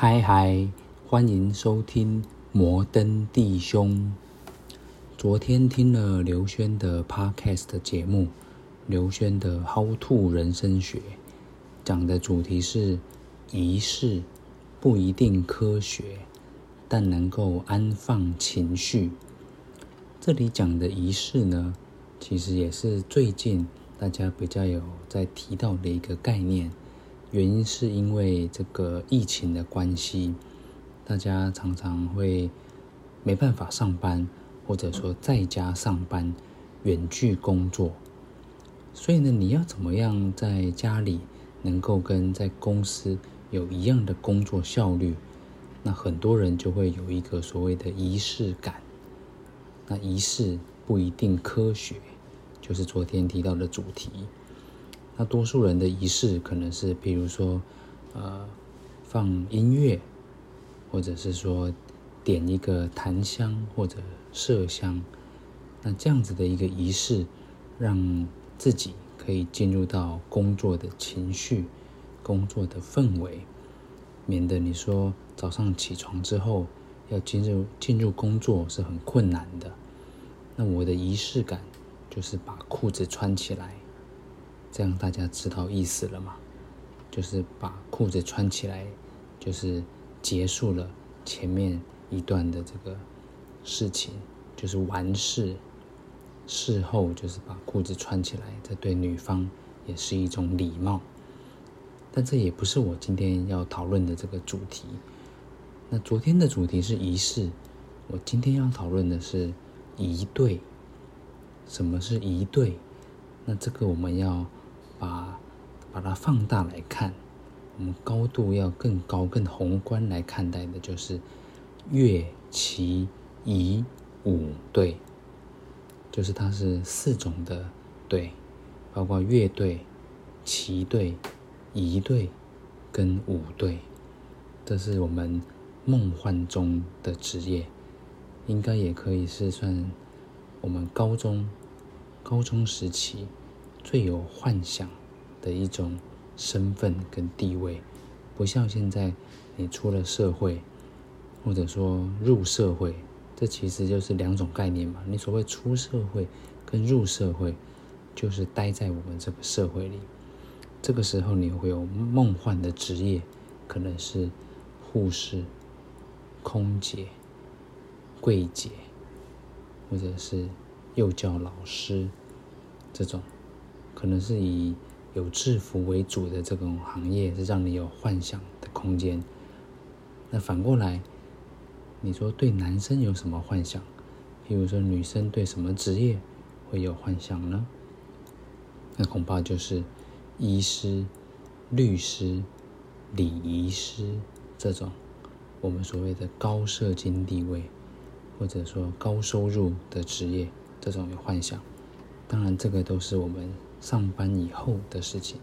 嗨嗨，hi hi，歡迎收聽摩登弟兄。昨天聽了劉軒的 Podcast 的節目，劉軒的“ How to 人生學”，講的主題是儀式不一定科學，但能夠安放情緒。這裡講的儀式呢，其實也是最近大家比較有在提到的一個概念。原因是因為這個疫情的關係，大家常常會沒辦法上班，或者說在家上班、遠距工作。所以呢，你要怎麼樣在家裡能夠跟在公司有一樣的工作效率？那很多人就會有一個所謂的儀式感。那儀式不一定科學，就是昨天提到的主題。那多數人的儀式可能是，比如說，呃，放音樂，或者是說，點一個檀香或者麝香。那這樣子的一個儀式，讓自己可以進入到工作的情緒、工作的氛圍，免得你說早上起床之後要進入進入工作是很困難的。那我的儀式感就是把褲子穿起來。這樣大家知道意思了嘛？就是把褲子穿起來，就是結束了前面一段的這個事情，就是完事。事後就是把褲子穿起來，這對女方也是一種禮貌。但這也不是我今天要討論的這個主題。那昨天的主題是儀式，我今天要討論的是儀隊。什麼是儀隊？那這個我們要。把把它放大來看，我們高度要更高、更宏觀來看待的，就是樂、旗、儀、舞隊，就是它是四種的隊，包括樂隊、旗隊、儀隊跟舞隊，這是我們夢幻中的職業，應該也可以是算我們高中高中時期。最有幻想的一種身份跟地位，不像現在你出了社會，或者說入社會，這其實就是兩種概念嘛。你所謂出社會跟入社會，就是待在我們這個社會裡。這個時候你會有夢幻的職業，可能是護士、空姐、櫃姐，或者是幼教老師這種。可能是以有制服為主的這種行業，是讓你有幻想的空間。那反過來，你說對男生有什麼幻想？譬如說女生對什麼職業會有幻想呢？那恐怕就是醫師、律師、禮儀師這種我們所謂的高社經地位，或者說高收入的職業，這種有幻想。當然，這個都是我們。上班以後的事情，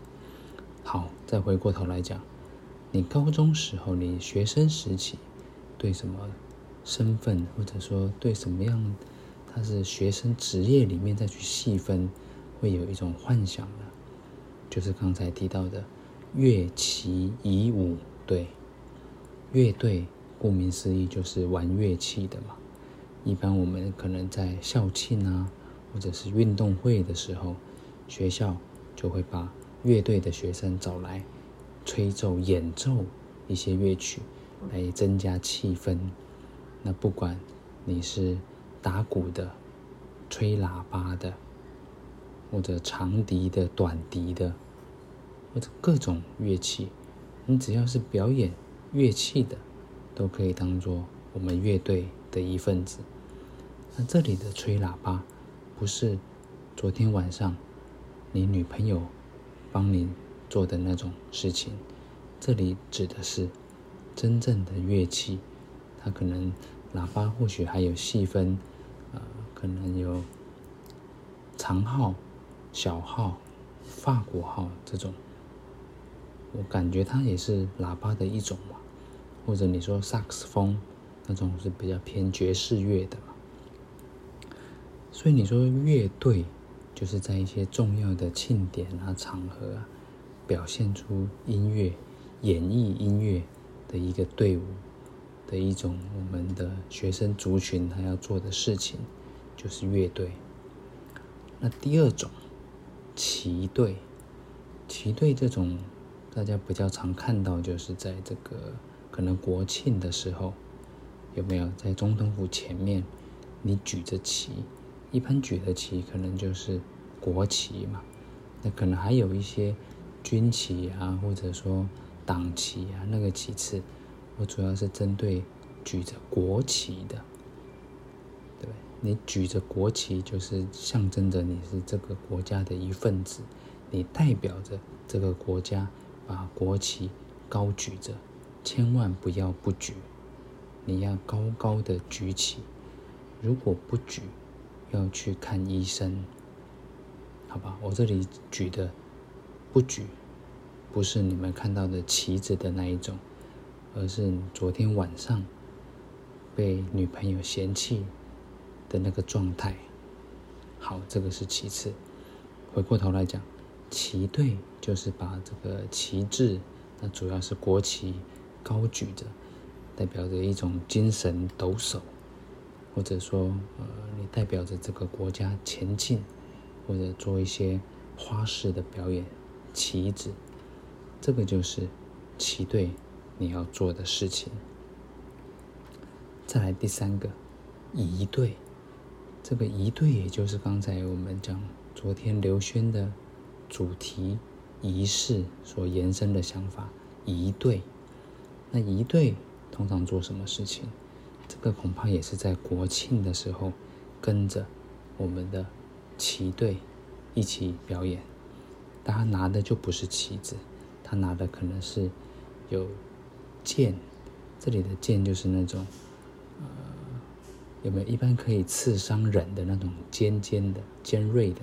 好，再回過頭來講，你高中時候，你學生時期，對什麼身份，或者說對什麼樣，他是學生職業裡面再去細分，會有一種幻想呢？就是剛才提到的樂旗儀舞，對，樂隊顧名思義就是玩樂器的嘛，一般我們可能在校慶啊，或者是運動會的時候。學校就會把樂隊的學生找來，吹奏、演奏一些樂曲來增加氣氛。那不管你是打鼓的、吹喇叭的，或者長笛的、短笛的，或者各種樂器，你只要是表演樂器的，都可以當做我們樂隊的一份子。那這裡的吹喇叭不是昨天晚上。你女朋友幫你做的那種事情，這裡指的是真正的樂器，它可能喇叭或許還有細分，呃，可能有長號、小號、法國號這種，我感覺它也是喇叭的一種嘛，或者你說薩克斯風那種是比較偏爵士樂的嘛，所以你說樂隊。就是在一些重要的慶典啊、場合啊，表現出音樂、演繹音樂的一個隊伍的一種，我們的學生族群他要做的事情就是樂隊。那第二種，旗隊，旗隊這種大家比較常看到，就是在這個可能國慶的時候，有沒有在總統府前面，你舉着旗？一般舉的旗可能就是國旗嘛，那可能還有一些軍旗啊，或者說黨旗啊，那個旗幟，我主要是針對舉着國旗的。對你舉着國旗，就是象徵着你是這個國家的一份子，你代表着這個國家，把國旗高舉着，千萬不要不舉，你要高高的舉起，如果不舉。要去看醫生，好吧？我這裡舉的不舉，不是你們看到的旗子的那一種，而是昨天晚上被女朋友嫌棄的那個狀態。好，這個是其次。回過頭來講，旗隊就是把這個旗幟，那主要是國旗高舉着，代表着一種精神抖擻。或者說，呃，你代表着這個國家前進，或者做一些花式的表演，旗子，這個就是旗隊你要做的事情。再來第三個，儀隊，這個儀隊也就是剛才我們講昨天劉軒的主題儀式所延伸的想法，儀隊，那儀隊通常做什麼事情？這個恐怕也是在國慶的時候，跟着我們的旗隊一起表演。但他拿的就不是旗子，他拿的可能是有劍。這裡的劍就是那種呃，有沒有一般可以刺傷人的那種尖尖的、尖銳的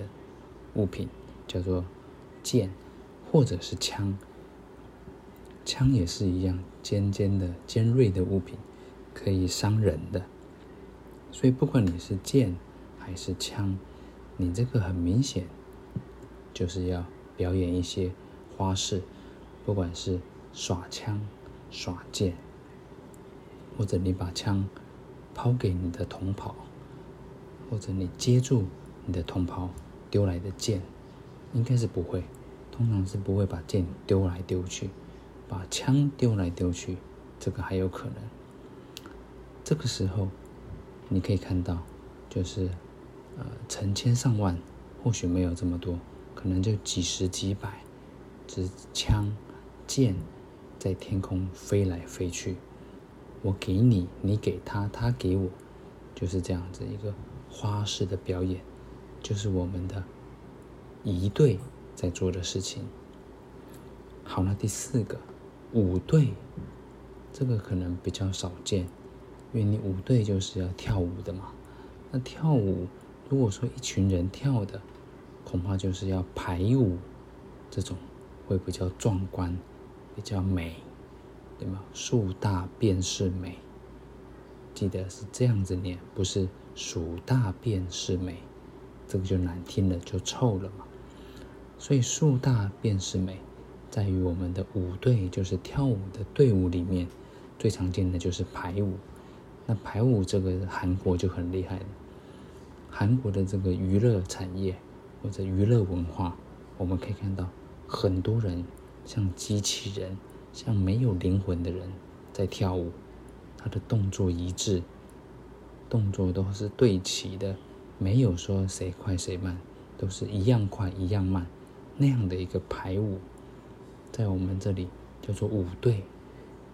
物品，叫做劍，或者是槍。槍也是一樣，尖尖的、尖銳的物品。可以傷人的，所以不管你是劍還是槍，你這個很明顯就是要表演一些花式，不管是耍槍、耍劍，或者你把槍拋給你的同袍，或者你接住你的同袍丟來的劍，應該是不會，通常是不會把劍丟來丟去，把槍丟來丟去，這個還有可能。這個時候，你可以看到，就是，呃，成千上萬，或許沒有這麼多，可能就幾十幾百，支槍、劍在天空飛來飛去，我給你，你給他，他給我，就是這樣子一個花式的表演，就是我們的，一隊在做的事情。好，那第四個，舞隊，這個可能比較少見。因為你舞隊就是要跳舞的嘛，那跳舞如果說一群人跳的，恐怕就是要排舞，這種會比較壯觀，比較美，對嗎？數大便是美，記得是這樣子念，不是數大便是美，這個就難聽了，就臭了嘛。所以數大便是美，在於我們的舞隊就是跳舞的隊伍裡面，最常見的就是排舞。那排舞這個韓國就很厲害了，韓國的這個娛樂產業或者娛樂文化，我們可以看到很多人像機器人，像沒有靈魂的人在跳舞，他的動作一致，動作都是對齊的，沒有說誰快誰慢，都是一樣快一樣慢那樣的一個排舞，在我們這裡叫做舞隊，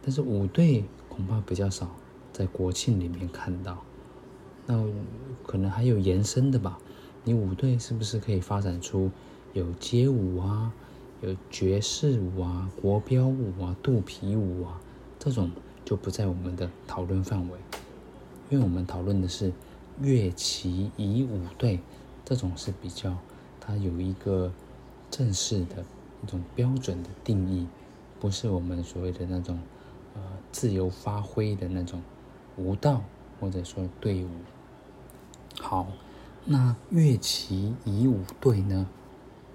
但是舞隊恐怕比較少。在國慶裡面看到，那可能還有延伸的吧？你舞隊是不是可以發展出有街舞啊、有爵士舞啊、國標舞啊、肚皮舞啊這種就不在我們的討論範圍，因為我們討論的是樂旗儀舞隊，這種是比較它有一個正式的一種標準的定義，不是我們所謂的那種呃自由發揮的那種。呃舞蹈或者說隊伍，好，那樂旗儀舞隊呢？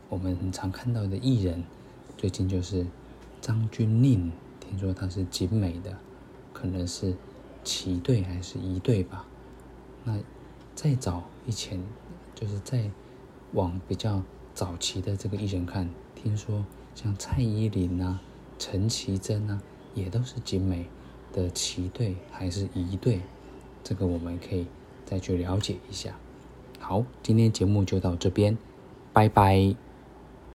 我們常看到的藝人，最近就是張鈞甯，聽說她是景美的，可能是旗隊還是儀隊吧。那再早以前，就是在往比較早期的這個藝人看，聽說像蔡依林啊、陳綺貞啊，也都是景美。的旗隊還是儀隊。這個我們可以再去了解一下。好，今天節目就到這邊，拜拜。